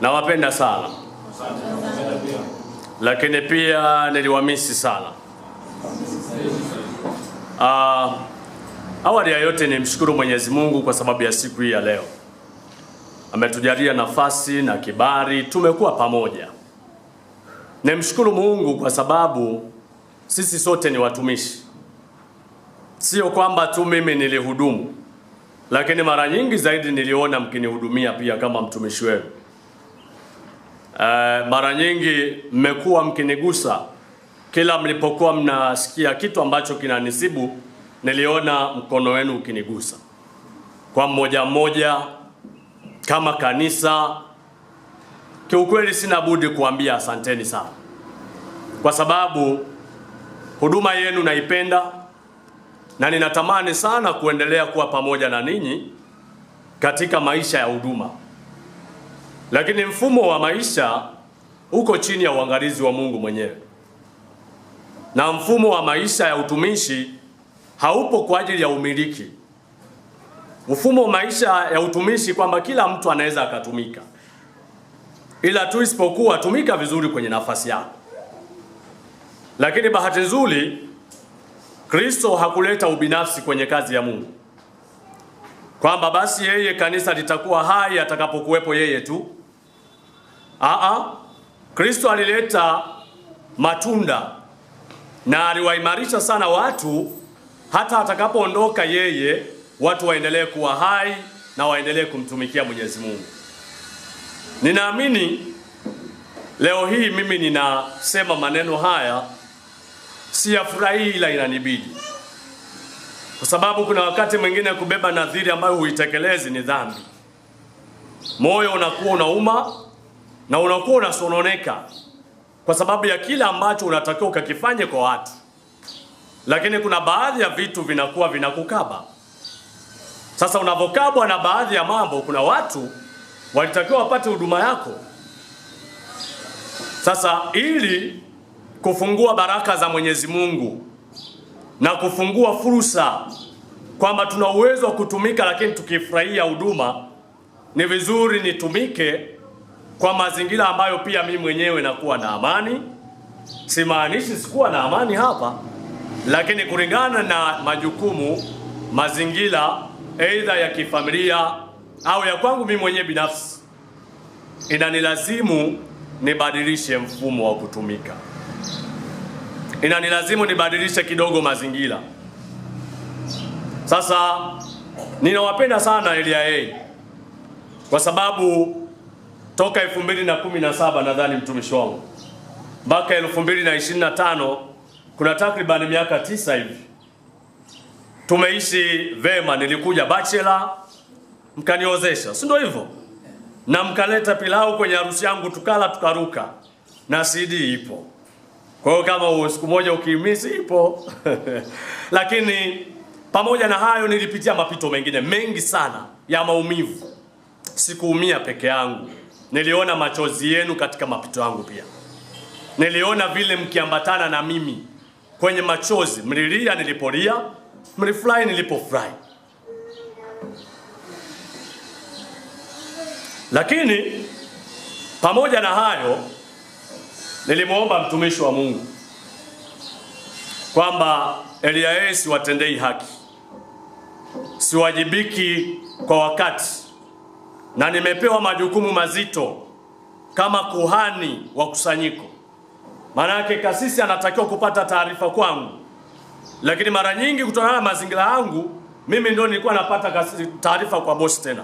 nawapenda sana, lakini pia niliwamisi sana. Uh, awali ya yote nimshukuru Mwenyezi Mungu kwa sababu ya siku hii ya leo, ametujalia nafasi na kibali, tumekuwa pamoja. Nimshukuru Mungu kwa sababu sisi sote ni watumishi, sio kwamba tu mimi nilihudumu, lakini mara nyingi zaidi niliona mkinihudumia pia kama mtumishi wenu. Eh, mara nyingi mmekuwa mkinigusa kila mlipokuwa mnasikia kitu ambacho kinanisibu, niliona mkono wenu ukinigusa kwa mmoja mmoja kama kanisa. Kiukweli sina budi kuambia asanteni sana, kwa sababu huduma yenu naipenda na ninatamani sana kuendelea kuwa pamoja na ninyi katika maisha ya huduma lakini mfumo wa maisha uko chini ya uangalizi wa Mungu mwenyewe, na mfumo wa maisha ya utumishi haupo kwa ajili ya umiliki. Mfumo wa maisha ya utumishi kwamba kila mtu anaweza akatumika, ila tu isipokuwa tumika vizuri kwenye nafasi yako. Lakini bahati nzuri, Kristo hakuleta ubinafsi kwenye kazi ya Mungu, kwamba basi yeye kanisa litakuwa hai atakapokuwepo yeye tu Aa, Kristo alileta matunda na aliwaimarisha sana watu, hata atakapoondoka yeye watu waendelee kuwa hai na waendelee kumtumikia Mwenyezi Mungu. Ninaamini leo hii mimi ninasema maneno haya siyafurahii, ila inanibidi, kwa sababu kuna wakati mwingine kubeba nadhiri ambayo huitekelezi ni dhambi, moyo unakuwa unauma na unakuwa unasononeka kwa sababu ya kila ambacho unatakiwa ukakifanye kwa watu, lakini kuna baadhi ya vitu vinakuwa vinakukaba. Sasa unavokabwa na baadhi ya mambo, kuna watu walitakiwa wapate huduma yako. Sasa ili kufungua baraka za Mwenyezi Mungu na kufungua fursa kwamba tuna uwezo wa kutumika, lakini tukifurahia huduma, ni vizuri nitumike kwa mazingira ambayo pia mimi mwenyewe nakuwa na amani. Simaanishi sikuwa na amani hapa, lakini kulingana na majukumu, mazingira aidha ya kifamilia au ya kwangu mimi mwenyewe binafsi, inanilazimu nibadilishe mfumo wa kutumika, inanilazimu nibadilishe kidogo mazingira. Sasa ninawapenda sana elia A kwa sababu toka 2017 nadhani mtumishi wangu mpaka 2025 kuna takriban miaka tisa hivi tumeishi vema. Nilikuja bachelor mkaniozesha, si ndio hivyo? Na mkaleta pilau kwenye harusi yangu, tukala tukaruka, na CD ipo. Kwa hiyo kama siku moja ukimisi ipo lakini pamoja na hayo nilipitia mapito mengine mengi sana ya maumivu. Sikuumia peke yangu. Niliona machozi yenu katika mapito yangu, pia niliona vile mkiambatana na mimi kwenye machozi. Mlilia nilipolia, mlifurahi nilipofurahi. Lakini pamoja na hayo, nilimwomba mtumishi wa Mungu kwamba Eliya, siwatendei haki, siwajibiki kwa wakati na nimepewa majukumu mazito kama kuhani wa kusanyiko. Maana yake kasisi anatakiwa kupata taarifa kwangu, lakini mara nyingi kutokana na mazingira yangu mimi ndio nilikuwa napata taarifa kwa bosi. Tena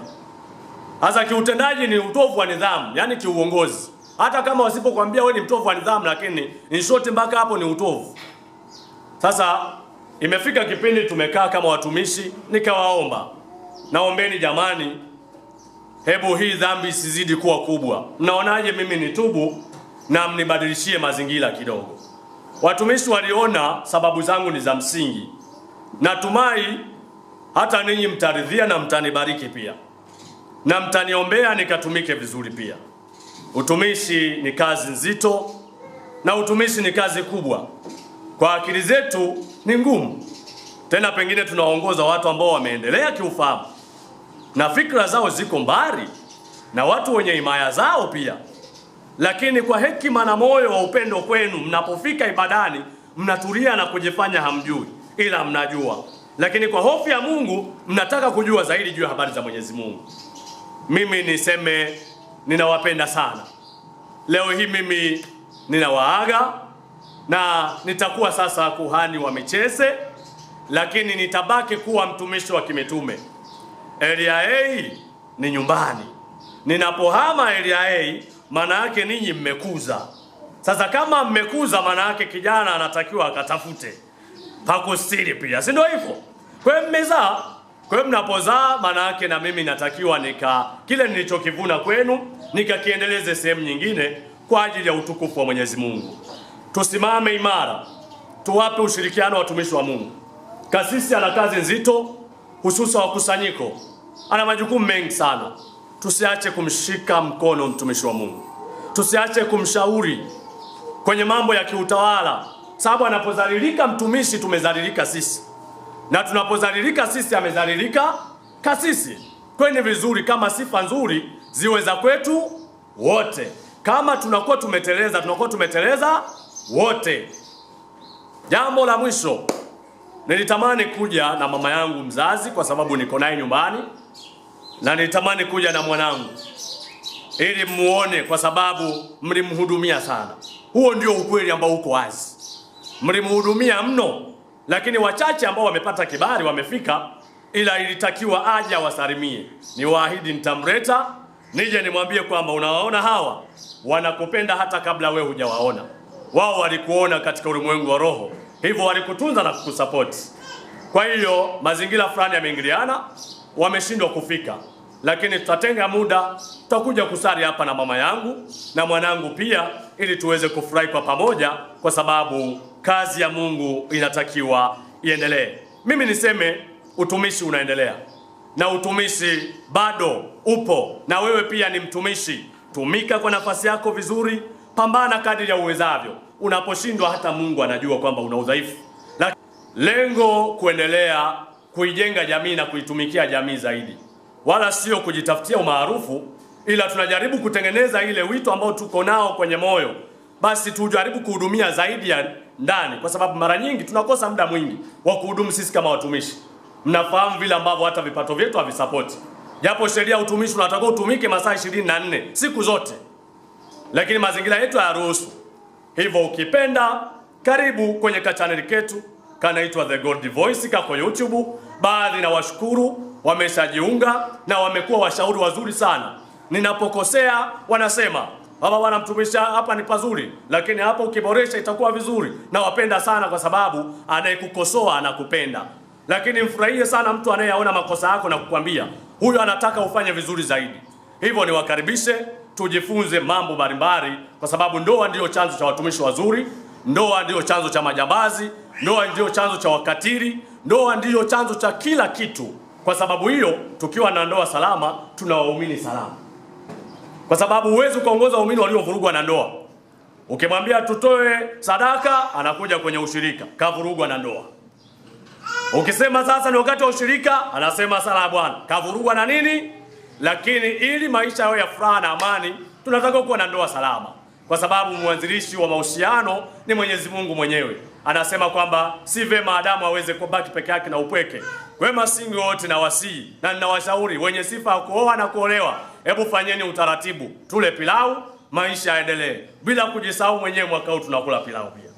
hasa kiutendaji ni utovu wa nidhamu, yani kiuongozi. Hata kama wasipokuambia wewe ni mtovu wa nidhamu, lakini in short mpaka hapo ni utovu. Sasa imefika kipindi tumekaa kama watumishi, nikawaomba naombeni jamani hebu hii dhambi isizidi kuwa kubwa. Mnaonaje mimi nitubu na mnibadilishie mazingira kidogo? Watumishi waliona sababu zangu ni za msingi, natumai hata ninyi mtaridhia na mtanibariki pia na mtaniombea nikatumike vizuri pia. Utumishi ni kazi nzito na utumishi ni kazi kubwa, kwa akili zetu ni ngumu, tena pengine tunaongoza watu ambao wameendelea kiufahamu na fikra zao ziko mbali na watu wenye imaya zao pia, lakini kwa hekima na moyo wa upendo kwenu, mnapofika ibadani mnatulia na kujifanya hamjui, ila mnajua. Lakini kwa hofu ya Mungu mnataka kujua zaidi juu ya habari za Mwenyezi Mungu. Mimi niseme ninawapenda sana. Leo hii mimi ninawaaga na nitakuwa sasa kuhani wa Micheze, lakini nitabaki kuwa mtumishi wa kimitume area A ni nyumbani. Ninapohama area A, maana yake ninyi mmekuza. Sasa kama mmekuza, maana yake kijana anatakiwa akatafute pakustiri pia, si ndio hivyo? Kwa hiyo mmezaa, kwa hiyo mnapozaa, maana yake na mimi natakiwa nika kile nilichokivuna kwenu nikakiendeleze sehemu nyingine kwa ajili ya utukufu wa Mwenyezi Mungu. Tusimame imara, tuwape ushirikiano watumishi wa Mungu. Kasisi ana kazi nzito hususa wakusanyiko, ana majukumu mengi sana. Tusiache kumshika mkono mtumishi wa Mungu, tusiache kumshauri kwenye mambo ya kiutawala, sababu anapozalilika mtumishi tumezalilika sisi, na tunapozalilika sisi amezalilika kasisi. Kwa ni vizuri kama sifa nzuri ziwe za kwetu wote. Kama tunakuwa tumeteleza, tunakuwa tumeteleza wote. Jambo la mwisho Nilitamani kuja na mama yangu mzazi kwa sababu niko naye nyumbani, na nilitamani kuja na mwanangu ili muone, kwa sababu mlimhudumia sana. Huo ndio ukweli ambao uko wazi, mlimhudumia mno, lakini wachache ambao wamepata kibali wamefika, ila ilitakiwa aje wasalimie. Niwaahidi nitamleta nije nimwambie kwamba unawaona hawa wanakupenda hata kabla wewe hujawaona. Wao walikuona katika ulimwengu wa roho hivyo walikutunza na kukusapoti. Kwa hiyo mazingira fulani yameingiliana, wameshindwa kufika, lakini tutatenga muda, tutakuja kusali hapa na mama yangu na mwanangu pia, ili tuweze kufurahi kwa pamoja, kwa sababu kazi ya Mungu inatakiwa iendelee. Mimi niseme utumishi unaendelea na utumishi bado upo, na wewe pia ni mtumishi. Tumika kwa nafasi yako vizuri, pambana kadri ya uwezavyo. Unaposhindwa hata Mungu anajua kwamba una udhaifu. Lengo kuendelea kuijenga jamii na kuitumikia jamii zaidi, wala sio kujitafutia umaarufu, ila tunajaribu kutengeneza ile wito ambao tuko nao kwenye moyo, basi tujaribu kuhudumia zaidi ya ndani, kwa sababu mara nyingi tunakosa muda mwingi wa kuhudumu sisi kama watumishi. Mnafahamu vile ambavyo hata vipato vyetu havisapoti, japo sheria utumishi unatakiwa utumike masaa 24 siku zote, lakini mazingira yetu hayaruhusu. Hivyo ukipenda, karibu kwenye kachaneli ketu kanaitwa The Gold Voice kako YouTube. Baadhi na washukuru wameshajiunga na wamekuwa washauri wazuri sana. Ninapokosea wanasema baba, bwana mtumishi, hapa ni pazuri, lakini hapa ukiboresha itakuwa vizuri. Nawapenda sana kwa sababu anayekukosoa anakupenda, lakini mfurahie sana mtu anayeona makosa yako na kukwambia huyo anataka ufanye vizuri zaidi. Hivyo niwakaribishe tujifunze mambo mbalimbali, kwa sababu ndoa ndiyo chanzo cha watumishi wazuri, ndoa ndiyo chanzo cha majambazi, ndoa ndiyo chanzo cha wakatili, ndoa ndiyo chanzo cha kila kitu. Kwa sababu hiyo, tukiwa na ndoa salama, tuna waumini salama, kwa sababu huwezi ukaongoza waumini waliovurugwa na ndoa. Ukimwambia tutoe sadaka, anakuja kwenye ushirika, kavurugwa na ndoa. Ukisema sasa ni wakati wa ushirika, anasema sala ya Bwana, kavurugwa na nini? Lakini ili maisha yao ya furaha na amani, tunataka kuwa na ndoa salama, kwa sababu mwanzilishi wa mahusiano ni Mwenyezi Mungu mwenyewe. Anasema kwamba si vema Adamu aweze kubaki peke yake na upweke. Wema singi wote na wasii na ninawashauri wenye sifa ya kuoa na kuolewa, hebu fanyeni utaratibu, tule pilau, maisha yaendelee bila kujisahau mwenyewe. Mwaka huu tunakula pilau pia.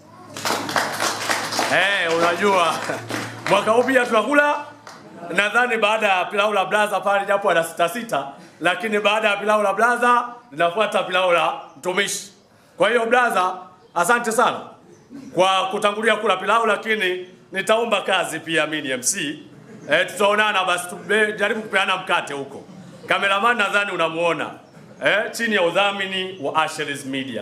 Eh, hey, unajua mwaka huu pia tunakula nadhani baada ya pilau la blaza pale, japo ana sita sita, lakini baada ya pilau la blaza ninafuata pilau la mtumishi. Kwa hiyo blaza, asante sana kwa kutangulia kula pilau, lakini nitaomba kazi pia mimi MC. E, eh, tutaonana basi, jaribu kupeana mkate huko. Kameraman nadhani unamuona e, chini ya udhamini wa Asheris Media.